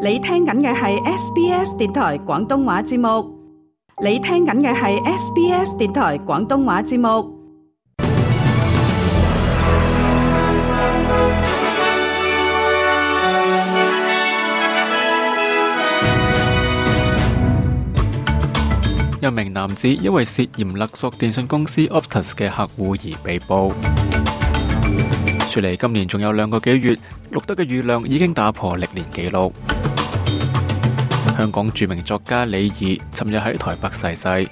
你聽緊嘅係 SBS 電台廣東話節目。你聽緊嘅係 SBS 電台廣東話節目。一名男子因為涉嫌勒索電信公司 Optus 嘅客戶而被捕。說嚟，今年仲有兩個幾月，錄得嘅雨量已經打破歷年紀錄。香港著名作家李怡尋日喺台北逝世。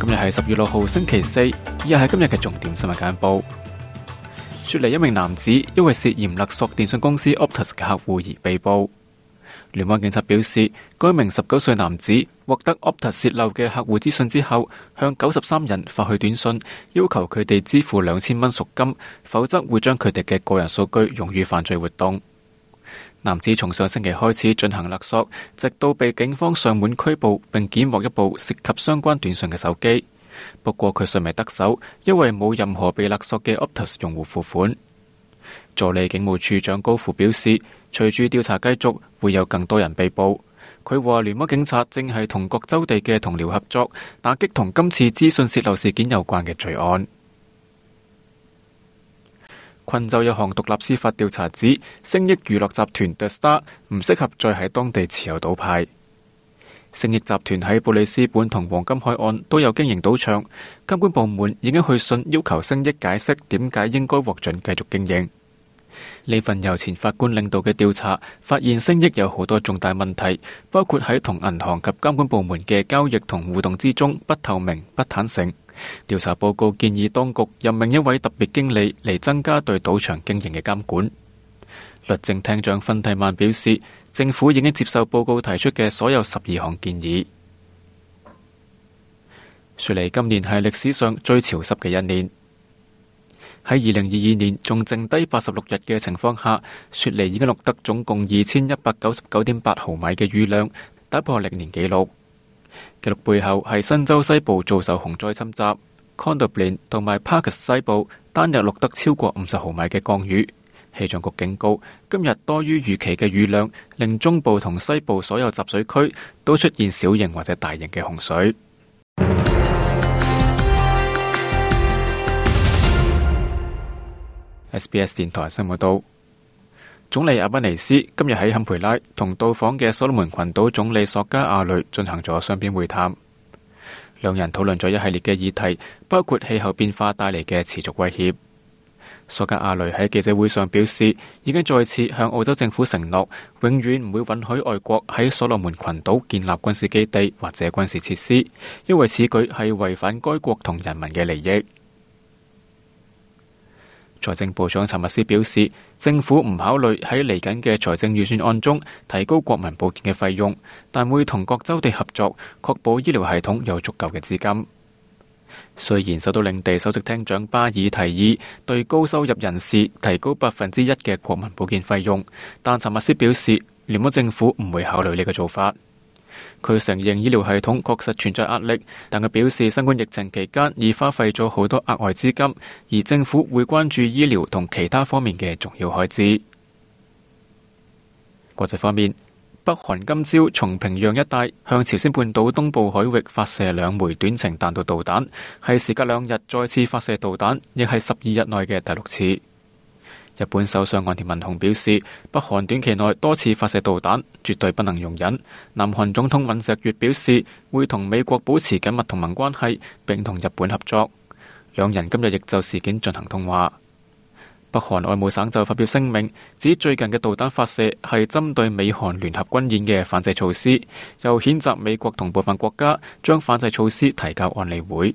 今日係十月六號，星期四，又係今日嘅重點新聞簡報。說嚟，一名男子因為涉嫌勒索電信公司 Optus 嘅客戶而被捕。聯邦警察表示，該名十九歲男子獲得 Optus 泄漏嘅客戶資訊之後，向九十三人發去短信，要求佢哋支付兩千蚊贖金，否則會將佢哋嘅個人數據用於犯罪活動。男子從上星期開始進行勒索，直到被警方上門拘捕，並檢獲一部涉及相關短信嘅手機。不過佢尚未得手，因為冇任何被勒索嘅 Optus 用戶付款。助理警務處長高富表示，隨住調查繼續，會有更多人被捕。佢話聯邦警察正係同各州地嘅同僚合作，打擊同今次資訊洩漏事件有關嘅罪案。昆州有項獨立司法調查指，星益娛樂集團 The Star 唔適合再喺當地持有賭牌。星益集團喺布里斯本同黃金海岸都有經營賭場，監管部門已經去信要求星益解釋點解應該獲准繼續經營。呢份由前法官領導嘅調查，發現星益有好多重大問題，包括喺同銀行及監管部門嘅交易同互動之中不透明、不坦誠。調查報告建議當局任命一位特別經理嚟增加對賭場經營嘅監管。律政廳長芬蒂曼表示，政府已經接受報告提出嘅所有十二項建議。雪梨今年係歷史上最潮濕嘅一年。喺二零二二年仲剩低八十六日嘅情況下，雪梨已經錄得總共二千一百九十九點八毫米嘅雨量，打破歷年紀錄。記錄背後係新州西部遭受洪災侵襲 Condobolin 同埋 Parkes 西部單日錄得超過五十毫米嘅降雨。氣象局警告，今日多於預期嘅雨量，令中部同西部所有集水區都出現小型或者大型嘅洪水。SBS 電台新聞道。總理阿賓尼斯今日喺坎培拉同到訪嘅所羅門群島總理索加瓦雷進行咗雙邊會談，兩人討論咗一系列嘅議題，包括氣候變化帶嚟嘅持續威脅。索加瓦雷喺記者會上表示，已經再次向澳洲政府承諾，永遠唔會允許外國喺所羅門群島建立軍事基地或者軍事設施，因為此舉係違反該國同人民嘅利益。財政部長查密斯表示，政府唔考慮喺嚟緊嘅財政預算案中提高國民保健嘅費用，但會同各州地合作，確保醫療系統有足夠嘅資金。雖然受到領地首席廳長巴爾提議對高收入人士提高百分之一嘅國民保健費用，但查密斯表示，聯邦政府唔會考慮呢個做法。佢承認醫療系統確實存在壓力，但佢表示新冠疫情期間已花費咗好多額外資金，而政府會關注醫療同其他方面嘅重要開支。國際方面，北韓今朝從平壤一帶向朝鮮半島東部海域發射兩枚短程彈道導彈，係時隔兩日再次發射導彈，亦係十二日內嘅第六次。日本首相岸田文雄表示，北韓短期內多次發射導彈，絕對不能容忍。南韓總統尹錫悅表示，會同美國保持緊密同盟關係，並同日本合作。兩人今日亦就事件進行通話。北韓外務省就發表聲明，指最近嘅導彈發射係針對美韓聯合軍演嘅反制措施，又譴責美國同部分國家將反制措施提交安理會。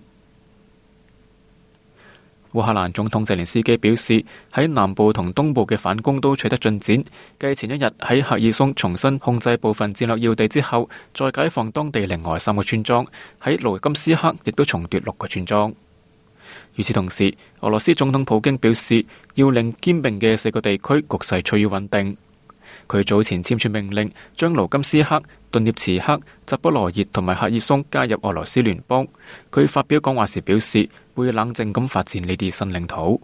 烏克蘭總統澤連斯基表示，喺南部同東部嘅反攻都取得進展。繼前一日喺赫爾松重新控制部分戰略要地之後，再解放當地另外三個村莊。喺盧甘斯克亦都重奪六個村莊。與此同時，俄羅斯總統普京表示，要令兼併嘅四個地區局勢趨於穩定。佢早前簽署命令，將盧甘斯克、頓涅茨克、扎波羅熱同埋赫爾松加入俄羅斯聯邦。佢發表講話時表示，會冷靜咁發展呢啲新領土。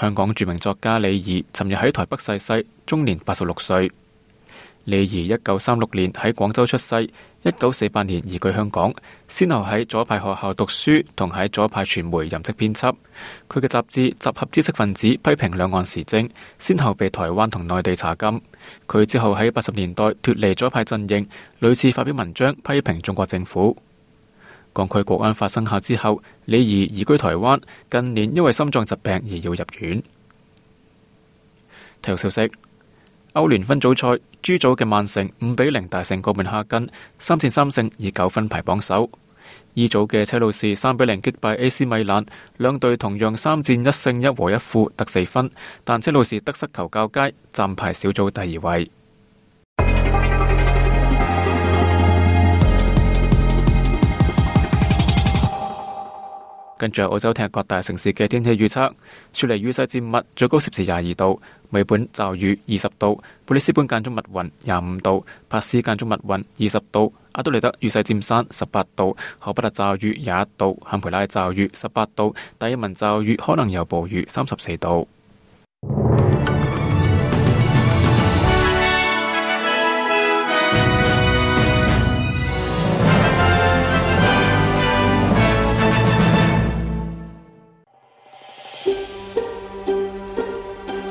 香港著名作家李爾，尋日喺台北逝世，終年八十六歲。李怡一九三六年喺廣州出世，一九四八年移居香港，先後喺左派學校讀書，同喺左派傳媒任職編輯。佢嘅雜誌集合知識分子批評兩岸時政，先後被台灣同內地查禁。佢之後喺八十年代脫離左派陣營，屢次發表文章批評中國政府。港區國安法生效之後，李怡移居台灣，近年因為心臟疾病而要入院。體育消息。歐聯分組賽，G 組嘅曼城五比零大勝哥本哈根，三戰三勝以九分排榜首。E 組嘅車路士三比零擊敗 A.C. 米蘭，兩隊同樣三戰一勝一和一負得四分，但車路士得失球較佳，暫排小組第二位。跟住澳洲聽日各大城市嘅天氣預測，雪梨雨勢漸密，最高攝氏廿二度；美本驟雨二十度；布里斯本間中密雲廿五度；帕斯間中密雲二十度；阿德萊德雨勢占山十八度；荷北特驟雨廿一度；坎培拉驟雨十八度；達爾文驟雨可能有暴雨三十四度。